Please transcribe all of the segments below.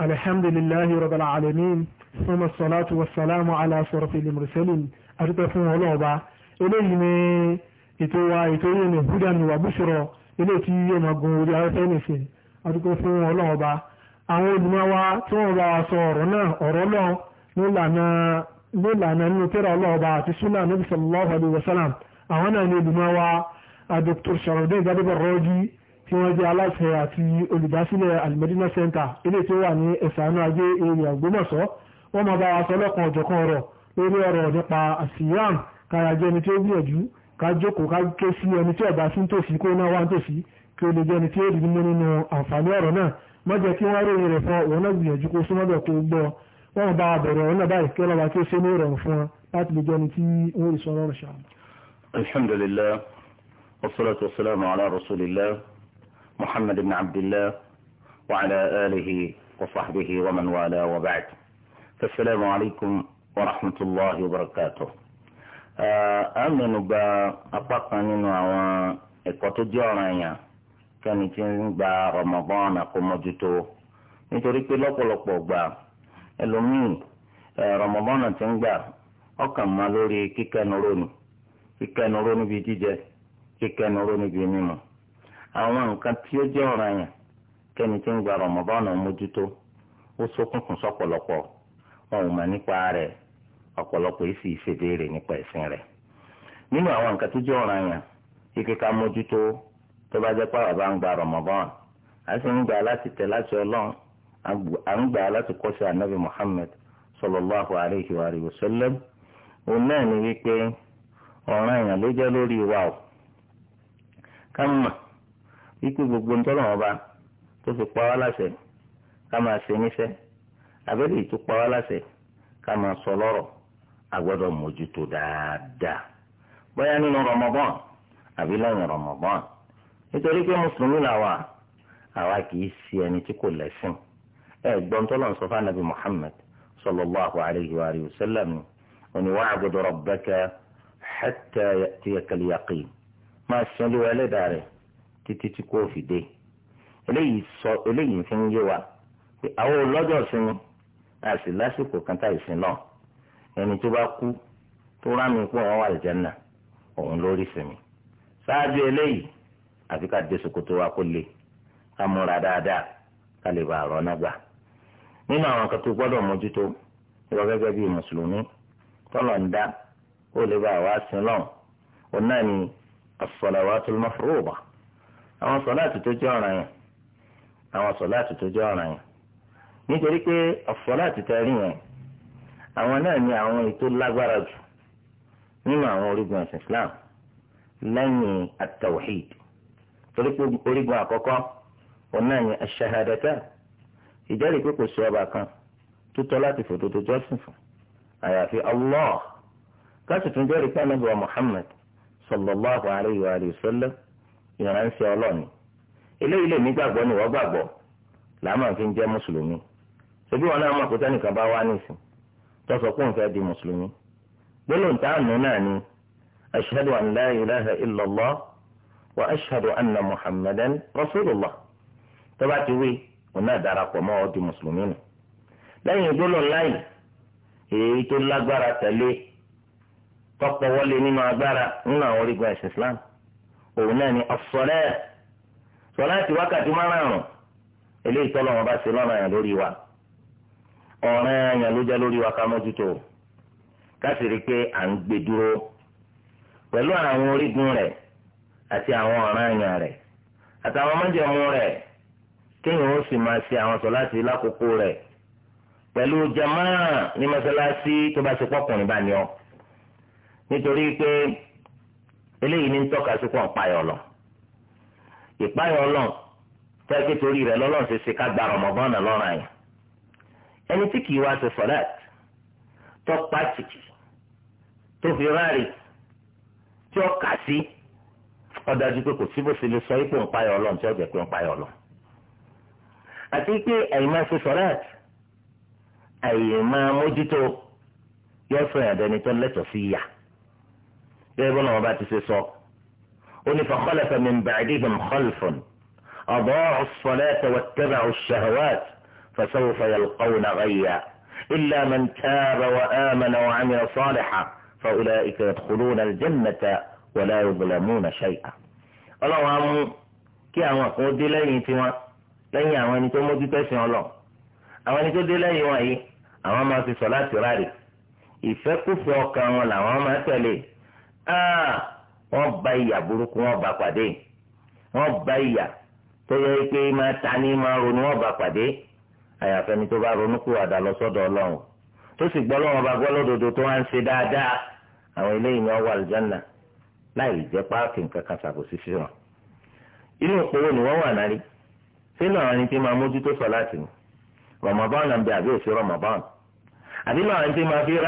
الحمد لله رب العالمين ثم الصلاة والسلام على صرف المرسلين أتتفون الله إليه ìtòwà ìtòyè ní húdàní wà búṣọ̀rọ̀ ilé tí yóò máa gun orí afẹ́fẹ́ nìsín àdúgbò fún ọlọ́run ọba àwọn olùmọ̀wá tí wọ́n bá wa sọ ọ̀rọ̀ náà ọ̀rọ̀ náà ló lànà nínú tẹ́rà ọlọ́run ọba àti súnà níbi sallallahu alaihi wasallam àwọn náà ní olùmọ̀wá Dr. Sharafdeen Gbadebo Rọ́jí tí wọ́n jẹ́ aláṣẹ àti olùdásílẹ̀ alimẹ́dínà center ilé tí ó wà ní ẹ̀sánú ajé èrè Ògbómọ̀ṣọ́ wọ́n máa bá wa sọ ọ̀jọ̀kan ọ̀rọ̀ lórí ọ̀rọ̀ nípa àsìyàn kárajẹ́ ẹni tí ó gbìyànjú ká jókòó ká ké sí ẹni tí ọ̀bá sí ń tòsí kó náà wá ń tòsí kí o lè jẹ́ ẹni tí ó dìbò nínú àǹfààní ọ̀rọ̀ náà má jẹ́ kí wọ́n ròyìn rẹ̀ fún òun محمد بن عبد الله وعلى آله وصحبه ومن والاه وبعد فالسلام عليكم ورحمة الله وبركاته أمن با أطلق من ẹ̀kọ́ tó jẹ́ ọ̀ràn èèyàn kẹ́ni tí ń gba Ramadan kó mójútó nítorí pé lọ́pọ̀lọpọ̀ uh, ti ń gbà ọkàn máa lórí jíjẹ mímu àwọn nǹkan tí ó jẹ́ ọ̀ràn yẹn kẹ́ni tí ń gba rọ̀mọ́bọ́ọ̀nù mójútó ó ṣókùnkùn sọ́pọ̀lọpọ̀ wọn ò mọ̀ nípa rẹ̀ ọ̀pọ̀lọpọ̀ èsì ìṣèbéèrè nípa ẹ̀sìn rẹ̀ nínú àwọn nǹkan tó jẹ́ ọ̀ràn yẹn tó bá jẹ́ a sì ń gbà láti tẹ̀ láti alayhi wa sallam náà wípé ọ̀ràn yẹn ló jẹ́ lórí wípé gbogbo nítorí wọn bá tó fi pa wá láṣẹ ká máa ṣe níṣẹ́ abẹ́lé yìí tó pa wá láṣẹ ká máa sọ lọ́rọ̀ a gbọ́dọ̀ mójútó dáadáa bóyá nínú Ramadan àbí lẹ́yìn Ramadan nítorí pé mùsùlùmí làwà àwa kì ṣe ẹni tí kò lẹ́sìn ẹ gbọ́n tó sọ fún anabi Muhammad sallallahu alayhi wa sallam òní wa'budu rabbaka hatta ya'tiyakal yaqin máa ṣẹ́ni títí tí kò fi dé eléyìí sọ eléyìí fi ń yé wa pé àwọn olọ́jọ́ sinmi àti lásìkò kan tá ìsìn náà ẹni tó bá kú tó rámi pọ̀ wọn wà lìjánà òun lórí sinmi ṣáájú eléyìí àfi ká dé sokoto wa kó le ká múra dáadáa ká lè bá àrọ́ náà nínú àwọn kan tó gbọ́dọ̀ mójútó ìwọ gẹ́gẹ́ bíi mùsùlùmí tọ́lọ̀ ń dá ó lè bá àwa sin lọ́hùn òun náà ni as-salawatul mafruḍah àwọn sọláàtì tó jẹ́ ọ̀ràn yẹn àwọn sọláàtì tó jẹ́ ọ̀ràn yẹn nítorí pé ọ̀sọláàtì tẹ rí yẹn àwọn náà ni àwọn ètò lágbára jù nínú àwọn orígun ẹ̀sìn Islam lẹ́yìn at-tawhid torí pé orígun àkọ́kọ́ òun náà ni aṣahadata ìjẹ́rìí pé kò sí ọba kan tó tọ́ láti fòtòtò jọ́sìn fún àyàfi Allah káṣí jẹ́rìí pé anábìwá Muhammad sallallahu alayhi wa sallam ìránṣẹ́ ọlọ́ọ̀ni eléyìí lè mí gbàgbọ́ ni wọ́n gbàgbọ́ làámà fi ń jẹ́ mùsùlùmí ṣebí wọn náà mọ̀ pé tẹ́nìkan bá wá nísìn tó sọ pé òun fẹ́ di mùsùlùmí gbólóhùn tá à nù náà ni ashhadu an la ilaha illallah anna muhammadan rasulullah tó ti wí òun náà darapọ̀ mọ́ ọ di mùsùlùmí nù lẹ́yìn gbólóhùn èyí tó lágbára tẹ̀lé tọ́pọ̀ wọlé nínú agbára nínú àwọn orígun ẹ̀sìn islam òun náà ni ọ̀sọ̀rẹ́ sọlá ti wákàtí márùn-ún eléyìí tọ́lọ̀ wọn bá ṣe lọ́rọ̀ yàn lórí wa ọ̀ràn yàn ló jẹ́ lórí wa ká mójútó ká rí pé à ń gbé dúró pẹ̀lú àwọn orígun rẹ̀ àti àwọn ọ̀ràn yàn rẹ̀ àtàwọn májẹ̀mú rẹ̀ kéèyàn ó sì máa ṣe àwọn sọlá lákòókò rẹ̀ pẹ̀lú jamaa ní mọ́sálásí tó bá ṣe pọ́kùnrin bá ní ọ nítorí pé. eléyìí ní ń tọ́ka sí pọ̀ ìpayọ̀ lọ ìpayọ̀ lọ tẹ́ pé torí rẹ̀ lọ́lọ́run ṣe ṣe ká gba Ramadan lọ́rùn àyàn ẹni tí kìí wá ṣe sọ̀láàt tó pàtìkì tó fi ráàrí tí ó kà sí ó dájú pé kò síbò sí lè sọ ipò ìpayọ̀ lọ́run tí ó jẹ́ pé ìpayọ̀ lọ àti pé ẹ̀yin máa ṣe sọ̀láàt ẹ̀yin máa mójútó yọ sọ ẹ̀dẹ́ni tó lẹ́tọ̀ọ́ sí yà bẹ́ẹ̀ bọ́lá wọn bá ti ṣe sọ ó ní fakhalafa min ba'dihim khalfun أضاعوا الصلاة واتبعوا الشهوات فسوف يلقون غيا إلا من تاب وآمن وعمل صالحا فأولئك يدخلون الجنة ولا يظلمون شيئا ọlọ́run á mú kí àwọn kan dé lẹ́yìn tiwọn ìfẹ́kùfẹ́ ọkàn wọn làwọn máa tẹ̀lé Ah, wọ́n bá ìyà burúkú wọ́n bá pàdé wọ́n bá ìyà tó yẹ pé máa ta ní máa ronú wọ́n bá pàdé àyàfẹ́ni tó bá ronú kú àdá lọ sọ́dọ̀ ọlọ́run tó sì gbọ́ lọ́wọ́ gbọ́ tó wá ń ṣe dáadáa àwọn eléyìí ni wọ́n wà lùjánà jẹ́ páàkì nǹkan kan ṣàkóso inú òpòwò ni wọ́n wà nárí sínú àwọn ẹni tí máa sọ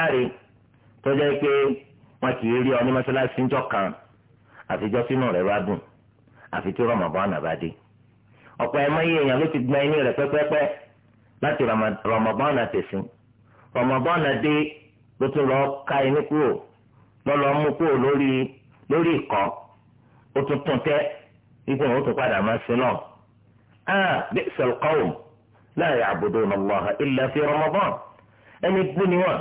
láti wọn kì í rí ọ ní mọ́ṣáláṣí ńjọ́ kan àfijọ́ sínú rẹ̀ wá dùn àfi tí Ramadan náà bá dé ọ̀pọ̀ ẹ̀mọ́ yìí èèyàn ló ti gbọ́n ẹni rẹ̀ pẹ́pẹ́pẹ́ láti Ramadan náà tẹ̀sìn Ramadan náà dé ló tún lọ́ọ́ ká ẹni kúrò lọ́lọ́ mú kúrò lórí lórí ìkọ́ ó tún tún tẹ́ ipò ó tún padà máa sin náà ah bi'sal qawm la ya'buduna Allah illa fi Ramadan ẹni gbú ni wọ́n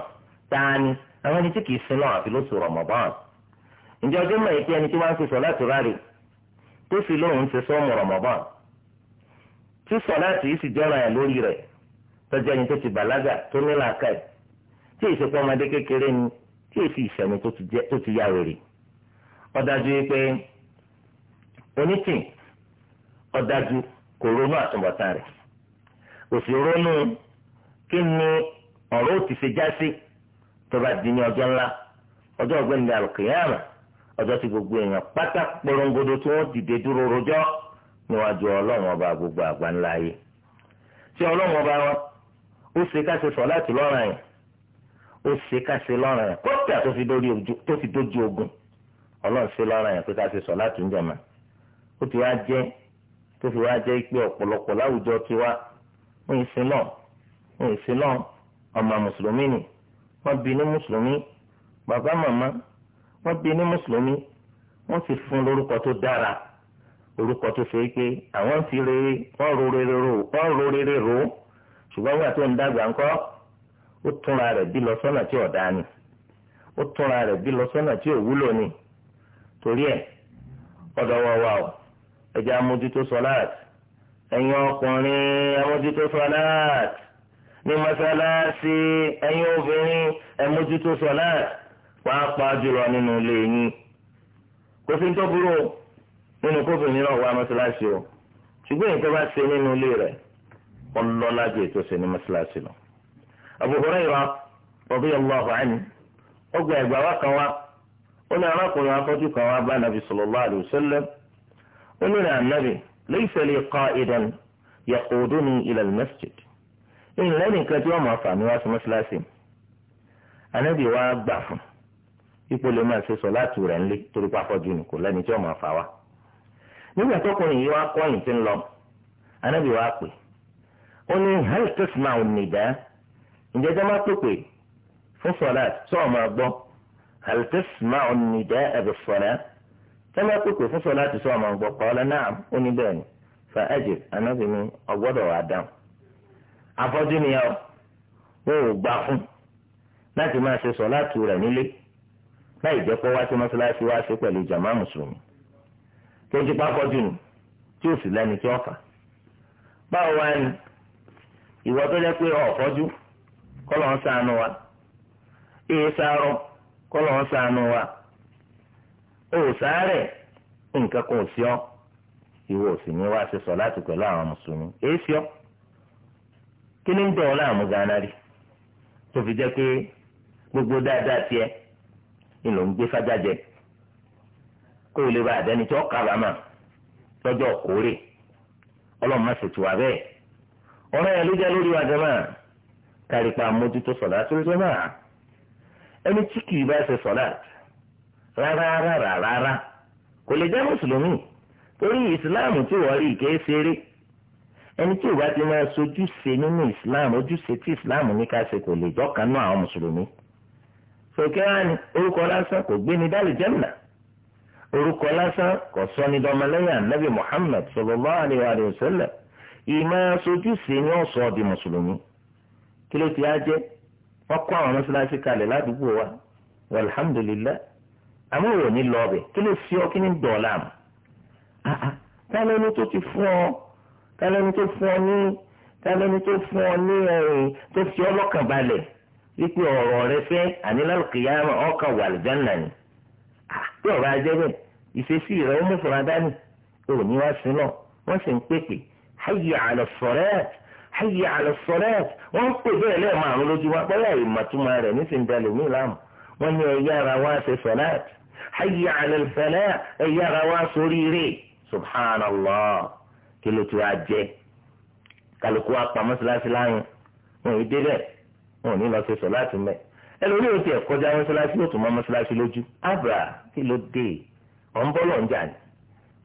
tání àwọn ẹni tí kìí sin náà àfi lóṣù Ramadan ǹjẹ́ ọjọ́ mọ̀ èké ẹni tí wọ́n ń ṣe sọ̀láàtì rárì tó fi lóun ń ṣe sọ́ọ̀mù Ramadan tí sọ̀láàtì yìí sì jọ́ra ẹ̀ lórí rẹ̀ tọ́jú ẹni tó ti bàlágà tó ní làákàyè tí èsì pé ọmọdé kékeré ni tí èsì ìṣẹ̀mí tó ti yá rèrè ọ̀dájú yìí pé onítìn ọ̀dájú kò ronú àtúbọ̀tán rẹ̀ kò ronú kí ni ọ̀rọ̀ òtì ṣe já sí. Si tó di ní ọjọ́ ńlá ọjọ́ ọ̀gbẹ́ni alùkìyàmà ọjọ́ tí gbogbo èèyàn pátá tí wọ́n dìde dúró rojọ níwájú ọlọ́run gbogbo àgbà ńlá tí ọlọ́run ọba wọn ó ṣe káṣe sọ láti lọ́ràn yẹn ó ṣe káṣe yẹn kọ́tà tó fi ogun ṣe yẹn pé káṣe sọ láti ń ó ọ̀pọ̀lọpọ̀ wọ́n bí ní mùsùlùmí bàbá màmá wọ́n bí ní mùsùlùmí wọ́n sì fún lórúkọ tó dára orúkọ tó ṣe é pé àwọn ti rere wọ́n ro rere ro wọ́n ro rere ro ṣùgbọ́n wíwà tó ń dàgbà ńkọ́ ó túnra rẹ̀ bí lọ sọ́nà tí ò ni ó túnra rẹ̀ bí lọ sọ́nà tí ò ni torí ẹ̀ ọ̀dọ̀ wa o ẹ̀jẹ̀ amójútó sọ́láàtì ẹ̀yin ọkùnrin amójútó sọ́láàtì. ní mọ́sálásí ẹ̀yin obìnrin ẹ mójútó sọ̀láàtì pàápàá jùlọ nínú ilé yín kò sí tó burú nínú kóbìnrin náà wá mọ́sálásí o ṣùgbọ́n èyí tó bá ṣe nínú ilé rẹ̀ ọlọ́lá ètò ṣe ní mọ́sálásí lọ. Abu Hurayra radiyallahu anhu ọgbà ẹ̀gbà wa kan wá ó ní arákùnrin afọ́jú kan wá bá nàbì ó ní ìrìnlẹ́ nìkan tí wọ́n máa fà mí wá sí mọ́ṣáláṣí mi anábì wa gbà fún ipò lè máa ṣe sọ láti rẹ̀ ńlẹ̀ torí pápọ́jú ni kò lẹ́ni tí wọ́n máa fà wá nígbà tọkùnrin yìí wá kọ́yìn tí ń lọ anábì wa pè ó ní hal tasma'u nida ǹjẹ́ jẹ́ máa pèpè fún sọ̀lá tí wọ́n máa gbọ́ hal tasma'u nida bis sọ̀lá tí wọ́n máa pèpè fún sọ̀lá tí wọ́n máa gbọ́ afọ́jú ọ o ò gbà fún láti máa ṣe sọ láti rẹ̀ nílé láì jẹ́ pé wá sí mọ́ṣáláṣí wá sí pẹ̀lú jàmá mùsùlùmí tó jí nù tí ò sì lẹ́ni tí ó fà báwo wá ni ìwọ tó jẹ́ pé ọ̀fọ́jú kọ́ lọ́n sànù wa èè sàárọ̀ kọ́ lọ́n sànù wa ò sàárẹ̀ nǹkan kan ò sí ọ ìwọ ò sì ní wá ṣe sọ láti pẹ̀lú àwọn mùsùlùmí èè sí ọ. kí ni ń dọ̀ ọ́ láàmú gánà rí tó fi jẹ́ gbogbo dáadáa tiẹ̀ ni ń gbé fájájẹ kó o lè bá àdáni tó kábàámà lọ́jọ́ kórè ọlọ́run má ṣètò wa bẹ́ẹ̀ ọ̀rọ̀ yẹn ló jẹ́ lórí wa jẹ́ máa kárípa mójútó tó jẹ́ máa ẹni tí kì í bá ṣe sọ̀lá rárá rárá rárá kò lè jẹ́ ẹni tí ìwà ti máa sojúṣe nínú islam ojúṣe tí islam ní ká ṣe kò lè jọ́kan àwọn mùsùlùmí sókè wá ní orúkọ lásán kò gbé ní dálì k'o orúkọ lásán kò sọ ní dọ́mọlẹ́yìn anabi muhammad sallallahu alaihi wa sallam sojúṣe ni ó sọ di mùsùlùmí kí ló ti á jẹ́ wọ́n kọ́ àwọn kalẹ̀ ládùúgbò wa lọ́ọ̀bẹ̀ kí ló fi kí ní dọ̀ọ̀lá mu tálẹ́ni tó fún ọ ní tálẹ́ni tó fún ọ ní ẹ̀rìn tó fi ọ lọ́kàn balẹ̀ wípé ọ̀rọ̀ rẹ fẹ́ àní lálùkìyà ọkàn wà lìjánà ni bí ọ̀rọ̀ ajẹ́ bẹ́ẹ̀ ìṣesí rẹ ó mú fúnra dání ò ní wá sí náà wọ́n sì ń pèpè hayya ala salat hayya ala salat wọ́n ń pè bẹ́ẹ̀ lẹ́ẹ̀márùn lójúmọ́ bọ́lá ìmọ̀túnmọ́ rẹ̀ nísìnyí dalẹ̀ mí láàmú wọ́n ní ẹ̀yà ara wa ṣe salat hayya ala al falah ẹ̀yà ara wa sóríire subhanallah kí ló ti wá jẹ kálukú wa pa mọ́sálásí láyìn wọn ò débẹ̀ wọn ò ní lọ sí sọ láti mẹ́ ẹlòmíì ò tiẹ̀ kọjá mọ́sálásí yóò tún mọ́ mọ́sálásí lójú abra kí ló dé ọ̀n bọ́ lọ́n jà ní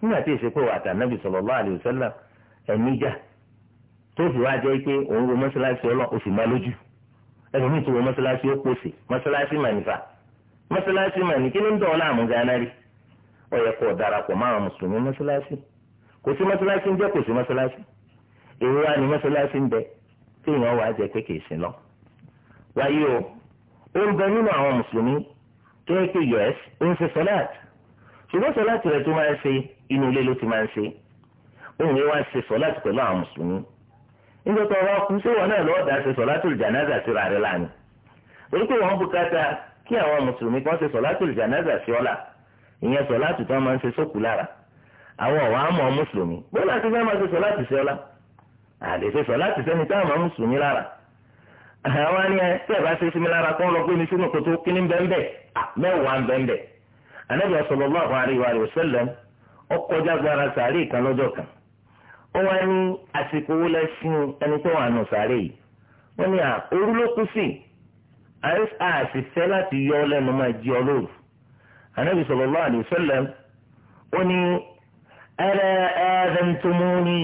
nígbà tí èsì pé wàtà nàbì sallallahu alaihi wasallam ẹ̀mí jà tó fi wá jẹ́ pé òun wo mọ́sálásí ọlọ́ o sì má lójú ẹlòmíì tó wo mọ́sálásí ó pòsè mọ́sálásí mànífà mọ́sálásí màní kí ló ń dọ̀ ọ́ láàmú gánà rí yẹ kó darapọ̀ máa mùsùlùmí mọ́sálásí kò sí mọ́sálásí ń jẹ́ kò sí mọ́sálásí èrò wa ni mọ́sálásí ń bẹ tí èèyàn wà á jẹ pé kìí sin lọ. wáyé o ó ń bẹ nínú àwọn mùsùlùmí tó yẹ pé yọ̀ẹ́s ó ń ṣe sọ́láàtì ṣùgbọ́n sọ́láàtì rẹ̀ tó máa ń ṣe inú ilé ló ti máa ń ṣe òun yẹn wá ṣe sọ́láàtì pẹ̀lú àwọn mùsùlùmí. nígbà tó wọ́n kú sí wọn náà lọ́wọ́ dá ṣe sọ́láàtì ìjànáza síra rẹ̀ lánàá. èyí pé wọ́n bùkátà kí àwọn mùsùlùmí kan ṣe sọ́láàtì ìjànáza sí ọ̀la àwọn ọ̀wá àmọ́ mùsùlùmí bó láti fẹ́ máa ṣe sọ láti ṣe ọlá àlè ṣe sọ láti ṣẹ́ni tá àmọ́ mùsùlùmí lára àwọn ni ẹ tẹ́ ẹ bá ṣe sí mi lára kọ́ lọ gbé mi sínú kòtò kíní bẹ́ẹ̀ mẹ́wàá bẹ́ẹ̀ anabi sallallahu alaihi wa sallam ọkọjá gbára sàárè kan lọ́jọ́ kan ó wá ní àsìkò owó lẹ́sìn ẹni tó wà nù sàárè yìí wọ́n ní à òru ló kú sí àṣìṣẹ́ láti yọ ọ lẹ́nu máa jí ọ lóru anabi sallallahu alaihi wa ó ní ẹ̀rẹ̀ ẹ̀ẹ́dẹ̀ntumuni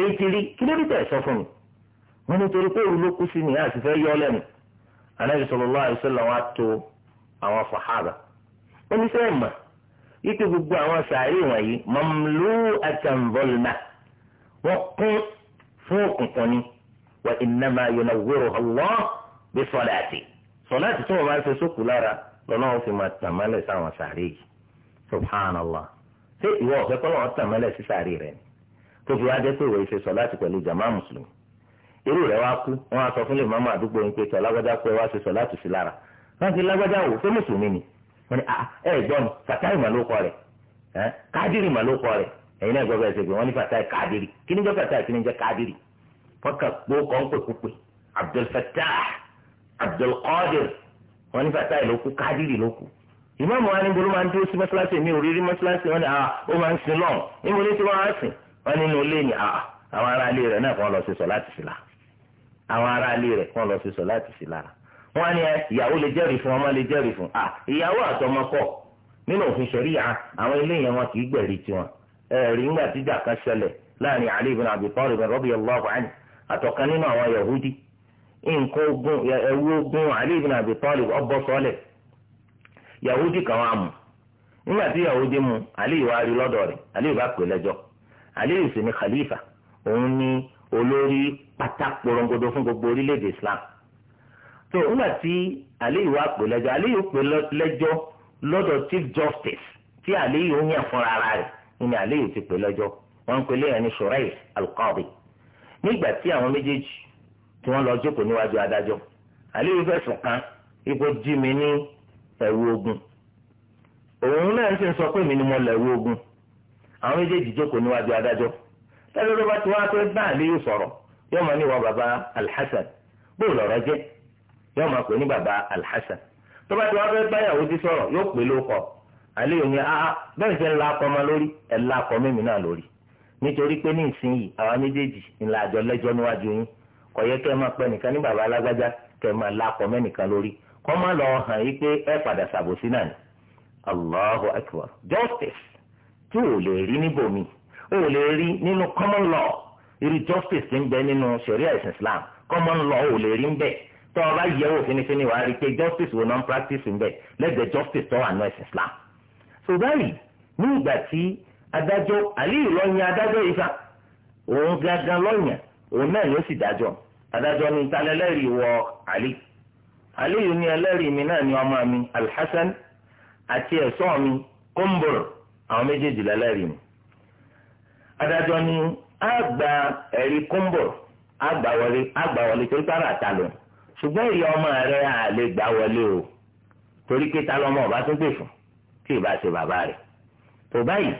èyí ti rí kí ló dé tẹ̀ sọ fún mi wọn nítorí pé òru ló kú sí ni àti fẹ́ yọ lẹ́nu anabi sallallahu alaihi wasallam wa tó àwọn sàhábà oníṣẹ́ ìmọ̀ ike gbogbo àwọn sàárè wọ̀nyí mamlu atanvolna wọ́n kún fún òkùnkùn ni wa innama yunawwiruha Allah bi salati salati tí wọ́n bá ń ṣe sókù lára lọ́nà òfin máa tàn sáwọn sàárè yìí subhanallah ṣé ìwọ ọ̀fẹ́ kọ́lọ́ wọn tàn mọ́lẹ̀ sí sàárì rẹ̀ ni tó fi wá jẹ́ pé ìwọ ìṣe sọ láti pẹ̀lú jàmá mùsùlùmí irú rẹ̀ wá kú wọ́n á sọ fún lè mọ́mọ́ àdúgbò yín pé tọ́ lágbájá pé wá ṣe sọ láti sí lára wọ́n ti lágbájá wò ṣé mùsùlùmí ni wọ́n ní ah, ẹ gbọ́n fatai mà ló kọ rẹ̀ kádìrì mà ló kọ rẹ̀ ẹ̀yin náà gbọ́dọ̀ ẹ̀sẹ̀ pé wọ́n ní fatai kádìrì kí jẹ́ fatai ìmáàmù wa ní bolú máa ń dúró sí mọ́ṣáláṣí mi ò rírí mọ́ṣáláṣí wọn ni ah, ó máa ń sin náà níbo ní tí wọ́n á sìn wọ́n nínú ilé ni ah, àwọn ará ilé rẹ̀ náà kàn lọ sí sọ láti sí la àwọn ará ilé rẹ̀ kàn lọ sí sọ láti sí la wọ́n ní eh, ìyàwó lè jẹ́rìí fún ọmọ lè jẹ́rìí fún à ah, ìyàwó àtọmọ kọ nínú òfin ṣẹ̀ríà àwọn ilé yẹn wọn kì í gbẹ̀rí tiwọn ẹ̀rí ńgbà yahudi kan wà mú nígbà tí yahudi mú aliyu wá rí lọ́dọ̀ rẹ̀ aliyu bá pè lẹ́jọ́ aliyu sì ni khalifa òun ni olórí pátá porongodo fún gbogbo orílẹ̀-èdè islam tó nígbà tí aliyu wá pè lẹ́jọ́ aliyu pè lẹ́jọ́ lọ́dọ̀ chief justice tí aliyu yàn fúnra rẹ̀ ni aliyu ti pè lẹ́jọ́ wọ́n pè lẹ́yìn ní shuraih alqadi nígbà tí àwọn méjèèjì tí wọ́n lọ jókòó níwájú adájọ́ aliyu fẹ̀sùn kàn ipò jí ní ẹ̀wù ogun òun náà ti ń sọ pé ni mo lọ ẹ̀wù ogun àwọn méjèèjì jókòó níwájú adájọ́ tẹ́lẹ̀ ló bá ti wá pé bá àlè yóò sọ̀rọ̀ yóò máa ní bàbá alhassan bóò lọ̀rọ̀ jẹ́ yóò máa pè ní bàbá alhassan tó bá ti wá pé báyàwó ti sọ̀rọ̀ yóò pè lóko yóò ní ah bẹ́ẹ̀ ṣe ń kọ́ má lọ hàn yí pé ẹ padà ṣàbòsí náà ni Allahu Akbar justice tí ò lè rí níbòmí ò lè rí nínú common law irú justice ti ń bẹ nínú sharia ẹ̀sìn Islam common law ò lè rí ń bẹ tó o bá yẹ wò finifini wàá rí i pé justice wo non practice ń bẹ lẹ́gbẹ̀ẹ́ justice tó wà ní ẹ̀sìn Islam so báyìí ní ìgbà tí adájọ́ aliyu lọ́yìn adájọ́ yìí kan òun gangan lọ́yìn òun náà yóò sì dájọ́ adájọ́ ní talẹ́lẹ́rìí wọ aliyu aliyu ni ẹlẹ́rìí mi náà ni ọmọ mi alhassan àti ẹ̀sọ́ mi kumbur àwọn méjèèjì lẹ́lẹ́rìí mi. adájọ́ ni a gba ẹ̀rí kumbur a gbà wọlé a gbà wọlé torí pé ara ta lò ṣùgbọ́n ìyá ọmọ rẹ̀ à lè gbà wọlé o torí pé ta lọ́mọ ọba tún gbè fún tí ì ṣe bàbá rẹ̀ tó báyìí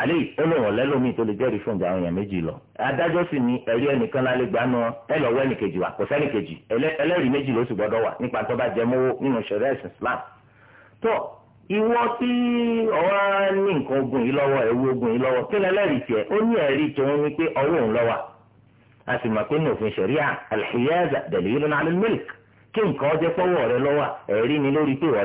àlè olóhùn lẹ́lómi tó lè jẹ́rìí fún ìjà àwọn èèyàn méjì lọ adájọ́ sì ni ẹ̀rí ẹnìkan lálẹ́ gbà nù ẹ lọ wẹ́ ẹnìkejì wa kò sẹ́nìkejì ẹlẹ́rìí méjì ló sì gbọ́dọ̀ wà nípa tó bá jẹ mọ́wọ́ nínú ṣẹ̀rẹ́ ẹ̀sìn Islam tó ìwọ tí ọwọ́ ní nǹkan ogun yìí lọ́wọ́ ẹ̀wú ogun yìí lọ́wọ́ kí lẹ́lẹ́rìí tiẹ̀ ó ní ẹ̀rí tòun ni pé ọwọ́ òun lọ́wọ́ a sì ni lórí pé ìwà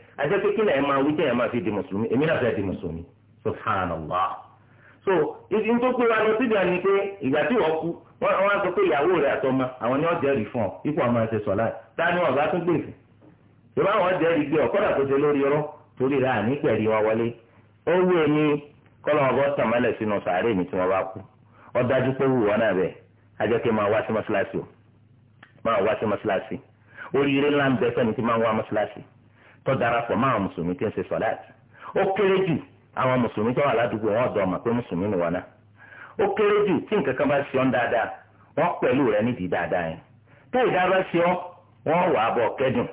ajẹ́ pé kí lẹ́yìn máa wí kí lẹ́yìn máa fi di mùsùlùmí èmi náà fẹ́ di mùsùlùmí subhanallah so ibi tó pé wa lọ síbi àná pé ìgbà tí wọ́n kú wọ́n á sọ pé ìyàwó rẹ̀ àtọmọ àwọn ni wọ́n jẹ́rìí fún ọ ipò ọmọ ẹsẹ̀ sọ̀lá ta ni wọ́n bá tún gbè fún ìbá wọn jẹ́rìí gbé ọ̀kọ́dà tó ṣe lórí ọ̀rọ̀ torí rà ní pẹ̀lú wa wọlé ó wú èmi kọ́lọ́ ọ̀bọ tàmálẹ̀ sínú sàárè mi tí wọ́n bá kú ọ dájú pé wù wọ́n náà bẹ́ẹ̀ ajẹ́ pé máa wá sí mọ́ṣáláṣí o máa wá sí tó darapọ̀ mọ́ àwọn mùsùlùmí tí ń ṣe sọ̀láàtì ó kéré jù àwọn mùsùlùmí tó wà ládùúgbò wọn ọ̀dọ́ ọmọ pé mùsùlùmí ni wọn náà ó kéré jù tí nǹkan kan bá ṣe ọ́n dáadáa wọ́n pẹ̀lú rẹ nídìí dáadáa yẹn tẹ́ ìdá bá ṣe ọ́ wọ́n wà á bọ̀ kẹ́dùn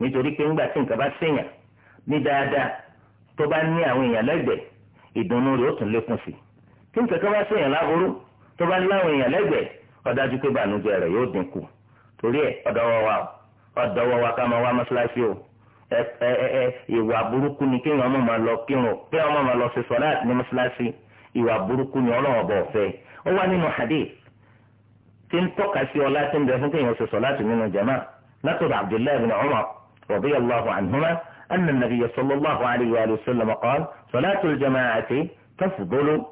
nítorí pé ńgbà tí nǹkan bá ṣèyàn ní dáadáa tó bá ní àwọn èèyàn lẹ́gbẹ̀ẹ́ ìdùnnú rẹ̀ ó tún lékún sí tí nǹkan kan bá ṣèyàn èèyàn lẹ́gbẹ̀ẹ́ ìwà burúkú ni kéèyàn ọmọ máa lọ kírun kéèyàn ọmọ máa lọ ṣe sọláàt ní mọ́ṣáláṣí ìwà burúkú ni ọlọ́wọ́ bọ̀ fẹ́ ó wà nínú hadith tí ń tọ́ka sí ọlá tí ń bẹ fún kéèyàn ṣe sọláàt nínú jama látọ̀dọ̀ abdullahi bin umar radiyallahu anhuma anna nabiyya sallallahu alayhi wa sallam qala salatu al-jama'ati tafdulu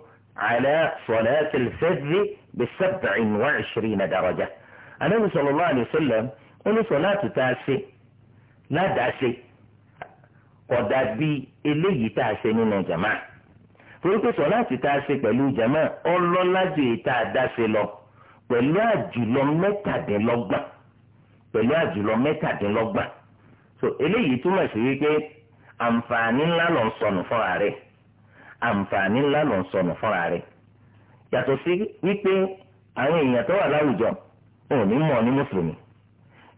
ala salati al-fajr bi sab'in wa 'ishrina daraja anabi sallallahu alayhi wa sallam ládàáṣe kódà bí eléyìí tá a ṣe nínú jàmá torí pé sọ láti tá a ṣe pẹ̀lú jàmá ọlọ́lá ju èyí tá a dá ṣe lọ pẹ̀lú àjùlọ mẹ́tàdínlọ́gbọ̀n pẹ̀lú àjùlọ mẹ́tàdínlọ́gbọ̀n so eléyìí túmọ̀ sí wípé àǹfààní ńlá ló ń sọnù fúnra rẹ̀ àǹfààní ńlá ló ń sọnù fúnra rẹ̀ yàtọ̀ sí wípé àwọn èèyàn tó wà láwùjọ ò mọ̀ ní mùsùlùmí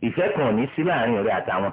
ìfẹ́ kan ò sí láàrin rẹ̀ àtàwọn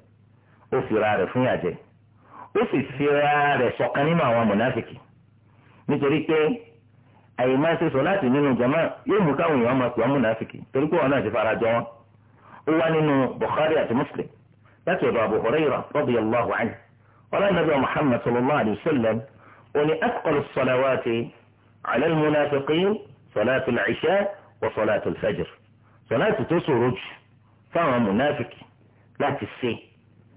ó fira rẹ̀ fún yàjẹ́ ó sì fira rẹ̀ sọ̀kan nínú àwọn mọ̀nàfìkì nítorí pé àyè máa ṣe sọ láti nínú jama yóò mú káwọn èèyàn máa pè ọ́ mọ̀nàfìkì torí pé wọn náà ti fara jọ wọn ó wá nínú Bukhari àti Muslim láti ọ̀dọ̀ Abu Hurairah radiyallahu anhu wala nabi Muhammad sallallahu alayhi wa sallam ó ní athqal as-salawati ala al-munafiqin salatu al-isha wa tó ṣòro jù fáwọn mọ̀nàfìkì láti ṣe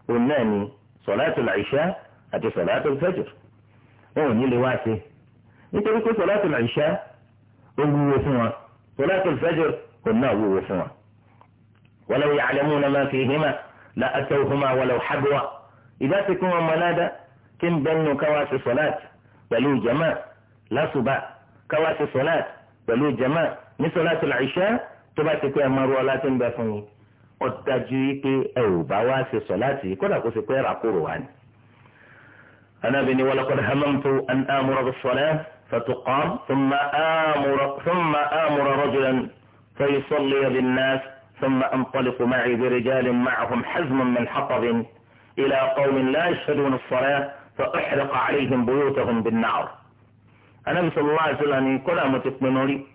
òun náà ni sọ̀láàtù làìṣá àti sọ̀láàtù fẹ́jọ̀ wọn ò ní lè wá sí nítorí pé sọ̀láàtù làìṣá ó wúwo fún wọn sọ̀láàtù fẹ́jọ̀ òun náà wúwo fún wọn. walaw ya'lamuna ma fihima la atawhuma walaw habwa ìdá ti kún wọn mọ́ládá kí ń bẹ́ẹ̀ nù káwá sí sọ̀láàtù pẹ̀lú jama lásùbà káwá sí sọ̀láàtù pẹ̀lú jama ní sọ̀láàtù làìṣá tó bá ti pé ẹ̀ máa rú ọlá tó ń bẹ fún yìí ọ̀tajú wípé ẹ ò bá wá ṣe sọ láti yìí kódà kó ṣe pé ràkúrò wá ni. anábì ni wa laqad hamamtu tó amura bis-salah fatuqam thumma amura thumma amura rajulan fayusalli bin-nas thumma anṭaliqu ma'i birijalin ma'ahum hazman min hatabin ila qawmin la yashhaduna as-salah فأحرق عليهم بيوتهم بالنار أنا صلى الله عليه وسلم قال متقمنوري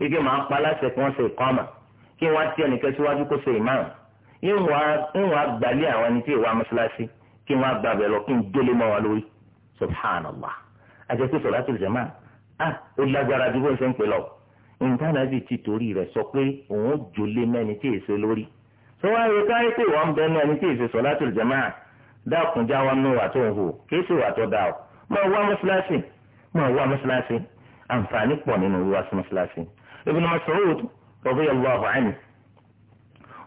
يجي مع قلاسك وانسي إقامة kí wọ́n ti ẹnìkan síwájú kó ṣe ìmáàmù ìwọ̀n àgbàlẹ̀ àwọn ẹni tí ìwà mọ́ṣáláṣí kí wọ́n àgbàbẹ̀ lọ kí n délé mọ́ wọn lórí subhanallah àti pé sọ̀rọ̀ àtúnṣe máa ah ó lágbára ju bó ń ṣe ń pè lọ ìntànàbì ti torí rẹ̀ sọ pé òun ò jòlé mẹ́ni tí èso lórí tó wá yẹ káyé pé wọ́n bẹ ní ẹni tí èso sọ̀rọ̀ àtúnṣe máa dákun já wọn nù wà tó ń hù kí èso wà tó dà ó máa wá mọ́ṣáláṣí máa wá mọ́ṣáláṣí àǹfààní pọ̀ nínú wíwá sí mọ́ṣáláṣí Ibn Mas'ud radiyallahu anhu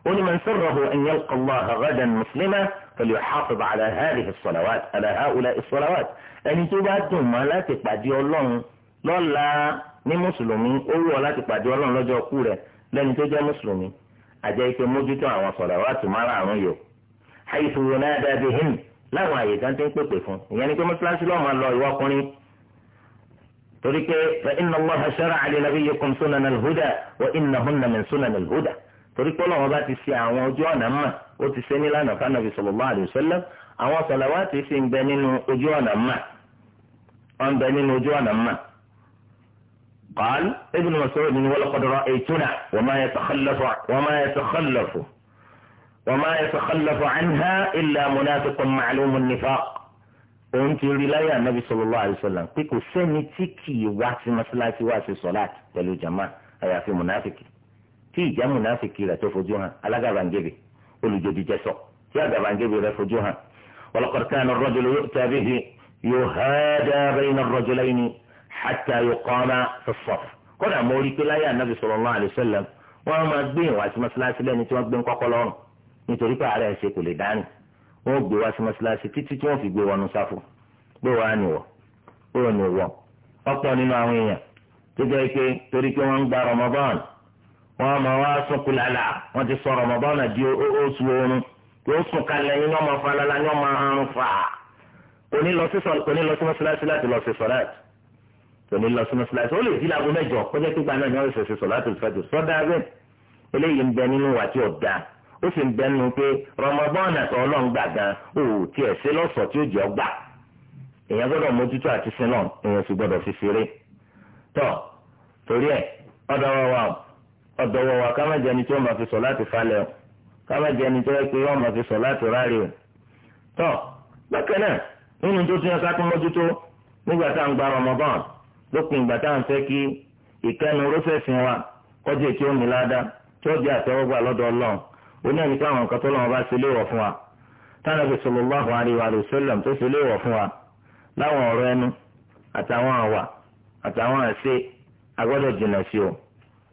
قل من سره أن يلقى الله غدا مسلما فليحافظ على هذه الصلوات على هؤلاء الصلوات ẹni tó bá dùn mọ́ láti pàdé ọlọ́run lọ́la ní mùsùlùmí ó wù ọ́ láti pàdé ọlọ́run lọ́jọ́ ọkú rẹ̀ lẹ́ni tó jẹ́ mùsùlùmí àjẹ́ ike mójútó àwọn sọ̀làwátì márààrún yòó haythu yunada bihim láwọn àyè kan tó ń pèpè fún ìyẹn ni pé mọ́tíláṣí lọ́ọ́ máa lọ ìwọ́kùnrin torí pé fa inna Allaha shara'a li nabiyyikum sunana al-huda wa innahunna min sunana al-huda torí pé Ọlọ́run bá ti ṣe àwọn ojú ọ̀nà mọ̀ ó ti ṣe nílànà fanabi sallallahu alayhi wa sallam àwọn salawati sì ń bẹ nínú ojú ọ̀nà mọ̀ wọ́n bẹ nínú ojú ọ̀nà mọ̀. قال ابن مسعود ولقد رأيتنا وما يتخلف وما يتخلف وما يتخلف عنها إلا منافق معلوم النفاق òun ti rí láyé ànábi sallallahu alaihi wasallam pé kò sẹ́ni tí kì í wá sí mọ́sálásí wá sí sọ̀láàt pẹ̀lú jama àyàfi mùnáfìkì tí ìjà mùnáfìkì rẹ̀ tó fojú hàn alágàbàǹgẹ̀bẹ̀ olùjòdìjẹsọ tí àgàbàǹgẹ̀bẹ̀ rẹ̀ fojú hàn wa laqad kana ar-rajulu yu'ta bihi yuhada bayna ar-rajulayni hatta yuqama fi as-saff kódà mo rí pé láyé ànábi sallallahu alaihi wasallam wọ́n máa gbé ìwà sí mọ́sálásí lẹ́ni tí wọ́n gbé ń kọ́kọ́ nítorí pé àárẹ̀ ṣe kò lè dání wọ́n gbé wá sí mọ́ṣáláṣí títí tí wọ́n fi gbé wọnú sáfù gbé wá nìwọ̀ gbé wọ́n nìwọ̀ ọ̀pọ̀ nínú àwọn èèyàn tó jẹ́ pé torí pé wọ́n ń gba Ramadan wọ́n mọ̀ wá sọ̀kù lálà wọ́n ti sọ Ramadan di oṣù oorun yóò sùn kalẹ̀ yín ní ọmọ falala ní ọmọ àrùn fà kò ní lọ sí mọ́ṣáláṣí láti lọ sí sọ̀láàtì kò lọ sí mọ́ṣáláṣí ó lè di láago mẹ́jọ kọjá pípa náà ní ọ̀sẹ̀ sí ó sì ń bẹnu pé Ramadan àti ọlọ́ngbà gan ò tiẹ̀ sí lọ́sọ̀ tí ó jẹ́ ọgbà èèyàn gbọ́dọ̀ mójútó àti sinọ́ èèyàn sì gbọ́dọ̀ fi ṣeré tọ́ torí ẹ̀ ọ̀dọ̀wọ̀wà ọ̀dọ̀wọ̀wà ká má jẹ́ ẹni tí wọ́n máa fi sọ láti falẹ̀ o ká má jẹ́ tí wọ́n pe fi sọ láti ráre o tọ́ bákan náà nínú tó tún yẹ ká tún mójútó oní ẹni káwọn nǹkan tó lọ́wọ́ bá ṣe léèwọ̀ fún wa tánàbí sallallahu alaihi wa sallam tó ṣe léèwọ̀ fún wa láwọn ọ̀rọ̀ ẹnu àtàwọn àwà àtàwọn àṣe agbọ́dọ̀ jìnnà sí o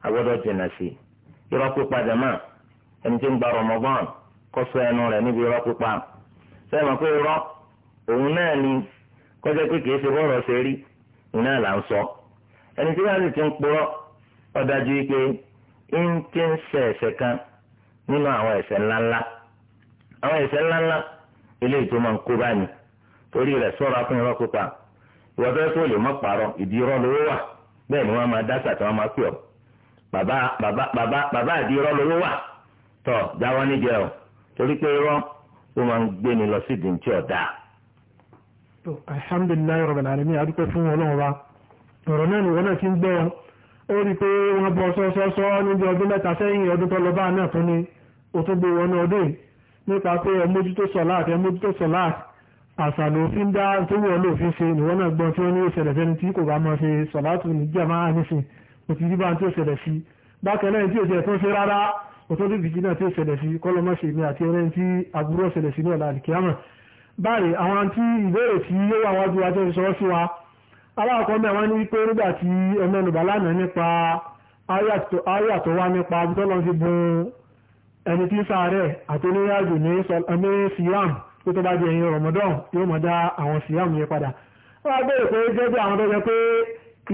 agbọ́dọ̀ jìnnà sí irọ́ pípa jàmá ẹni tí ń gba Ramadan kó ṣọ́ ẹnu rẹ̀ níbi irọ́ pípa sẹ́yìn mọ̀ pé irọ́ òun náà ni kọjá pé kìí ṣe bọ́ọ̀rọ̀ ṣe rí iná là ń nínú àwọn ẹ̀ṣẹ̀ ńláńlá àwọn ẹ̀ṣẹ̀ ńláńlá eléyìí tó máa ń kó báyìí torí rẹ̀ sọ̀rọ̀ akúnyẹrọ pípa ìwọ fẹ́ tó lè má parọ́ ìdí irọ́ lówó wà bẹ́ẹ̀ ni wọ́n máa dá sàtì wọ́n máa pè ọ́ bàbá bàbá bàbá bàbá ìdí irọ́ lówó wà tọ̀ jáwọ́ níjẹ́ o torí pé irọ́ ó máa ń gbé ni lọ sí ìdíntì ọ̀dà. alhamdulilayi rabbil alamin adúpẹ́ fún ọlọ́run wa ọ̀rọ̀ náà ni wọ́n náà ti ń gbọ́ ó rí pé wọ́n bọ́ sọ́sọ́sọ́ níbi ọdún mẹ́ta sẹ́yìn ọdún tó lọ bá náà tún ní òtún gbé wọnú ọdún nípa pé ẹmójútó sọ̀láàtì ẹmójútó sọ̀láàtì àṣà ló fi ń dá tó wọ̀ ló fi ṣe ìwọ́n náà gbọ́n tí wọ́n ní ìṣẹ̀lẹ̀ fẹ́ni tí kò bá mọ̀ ṣe sọ̀láàtù ní jàmáà nísìn kò ti rí bá ń tí ó ṣẹlẹ̀ sí bákan náà tí ó ṣe tún ṣe rárá òtún tó fìdí náà tí ó ṣẹlẹ̀ sí kọ́lọ́mọ́ ṣe aláwọ̀kọ́ mẹ́wàá ní wípé nígbà tí ẹmẹ́nubà lánàá nípa ayà tó wá nípa abútọ́lọ́ fi bùn ẹni tí sàárẹ̀ àti onírìnàjò ní siam tó tó bá di ẹ̀yìn Ramadan yóò mọ̀ dá àwọn siam yẹn padà wọ́n á bẹ̀rẹ̀ pé gẹ́gẹ́ àwọn tó jẹ pé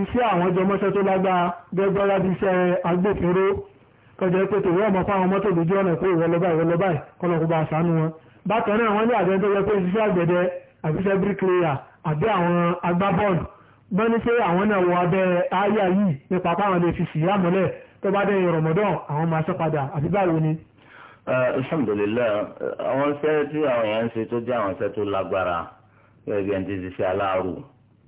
iṣẹ́ àwọn jọmọ́ṣẹ́ tó lágbára gẹ́gẹ́ láti iṣẹ́ agbófinró kọjá pé tòwọ́ ọmọ fáwọn mọ́tò lójú ọ̀nà pé ìwọ lọ́bàá ìwọ lọ́bàá kọlọ́kù bá àṣánú wọn bákan náà wọ́n ní àjẹ́ tó pé iṣẹ́ àgbẹ̀dẹ àbíṣẹ́ bíríkìlẹ́yà àbí àwọn agbábọ́ọ̀lù bọ́n ní pé àwọn náà wọ abẹ́ àyà yìí nípa páwọn lè fi síyá mọ́lẹ̀ tó bá dẹ̀yìn rọ̀mọ́dán àwọn máa sọ padà àti báwo ni. alhamdulillah àwọn iṣẹ́ tí àwọn èèyàn ń ṣe tó jẹ́ àwọn iṣẹ́ tó lágbára gẹ́gẹ́ bí ẹni ti ṣe aláàrù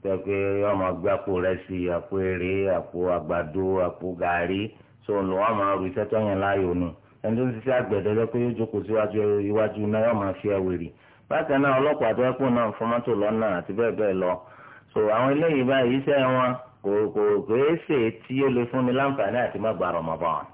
tẹ́ pé wọ́n máa gbé àpò rẹsì àpò eré àpò àgbàdo àpò gàárì so ló wọ́n máa rú iṣẹ́ tó yẹn láàyò nù ẹni tó ń ṣiṣẹ́ àgbẹ̀dẹ lẹ́pẹ́ yóò jókòó síwájú iwájú náà yóò máa fi ẹ̀wèrè bákan náà ọlọ́pàá so àwọn eléyìí báyìí iṣẹ́ wọn kò kò kèéṣe tí ó lè fún mi láǹfààní àti má gba Ramadan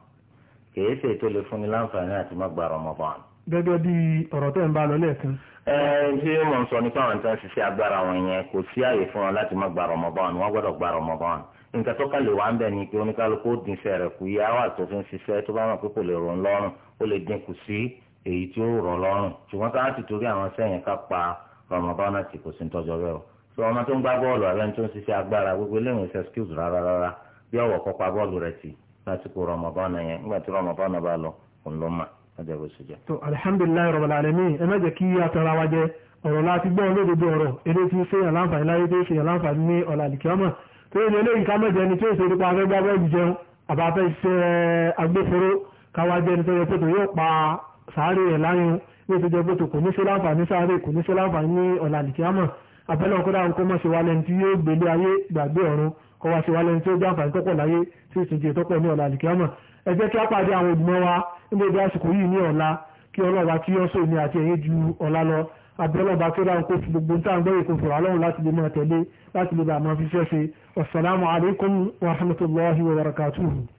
kèéṣe tó lè fún mi láǹfààní àti má gba Ramadan. gẹ́gẹ́ bí ọ̀rọ̀ tẹ́ ń bá lọ lẹ́ẹ̀kan. ẹ ṣé mò ń sọ nípa àwọn tó ń ṣiṣẹ́ agbára wọn yẹn kò sí àyè fún wọn láti má gba Ramadan wọ́n gbọ́dọ̀ gba Ramadan nǹkan tó kálẹ̀ wá ń bẹ̀ ni pé oníkálukú dín iṣẹ́ rẹ̀ kù yá wà tó fi ń ṣiṣẹ́ tó bá wọn pé kò lè rọ̀ lọ́rùn ó lè dínkù sí èyí tí ó rọ̀ lọ́rùn ṣùgbọ́n ká ti torí àwọn sẹ́yìn ká pa Ramadan náà ti kò sí ń tọ́jọ́ bẹ́ẹ̀ o sọ ọmọ tó ń gbá bọ́ọ̀lù abẹ́ni tó ń ṣiṣẹ́ agbára gbogbo eléyìí ń ṣe skills rárá rárá bí ọ̀wọ̀ kọ́pa bọ́ọ̀lù rẹ̀ ti lásìkò Ramadan yẹn nígbà tí Ramadan bá lọ òun ló mà ọjọ́ bó ṣe jẹ́. tó alihamudulilayi rabbil alamin ẹ má jẹ́ kí atara wa jẹ ọ̀rọ̀ láti gbọ́ olódodo ọ̀rọ̀ eré tí ń ṣe àlàǹfààní láyé tó ń ṣe àlàǹfààní ní ọ̀là àlìkíọ́mọ̀ tó yẹ lélẹ́yìn ká mẹ́jẹ ni tí ó ṣe nípa afẹ́gbá bẹ́ẹ̀ jẹun àbáfẹ́ ṣe eh, agbófinró káwá jẹ́ ni tó yẹ yóò pa sáré ẹ̀ láyún ní ètò jẹ́ kò ní ṣe láǹfààní sáré kò ní ṣe láǹfààní ní ọ̀là àlìkíọ́mọ̀ àbẹ́lẹ̀ ọkọ̀ dáhùn kó mọ́ ṣe wá lẹ́ni tí yóò gbélé ayé gbàgbé ọ̀run kọ́ wá ṣe wá lẹ́ni tí ó jẹ́ àǹfààní tọ́pọ̀ láyé tí ó sì jẹ́ tọ́pọ̀ ní ọ̀la àlìkíyàmọ̀ ẹ jẹ́ kí á pàdé àwọn olùmọ̀ wa níbi àsìkò yìí ní ọ̀la kí ọlọ́ba kí ó sọ èmi àti ẹ̀yin ju ọ̀la lọ abẹ́lọ́ba kí ó dáhùn kó fi gbogbo tá à ń gbọ́ èkó fòrò alọ́run láti lè máa tẹ̀lé láti lè bá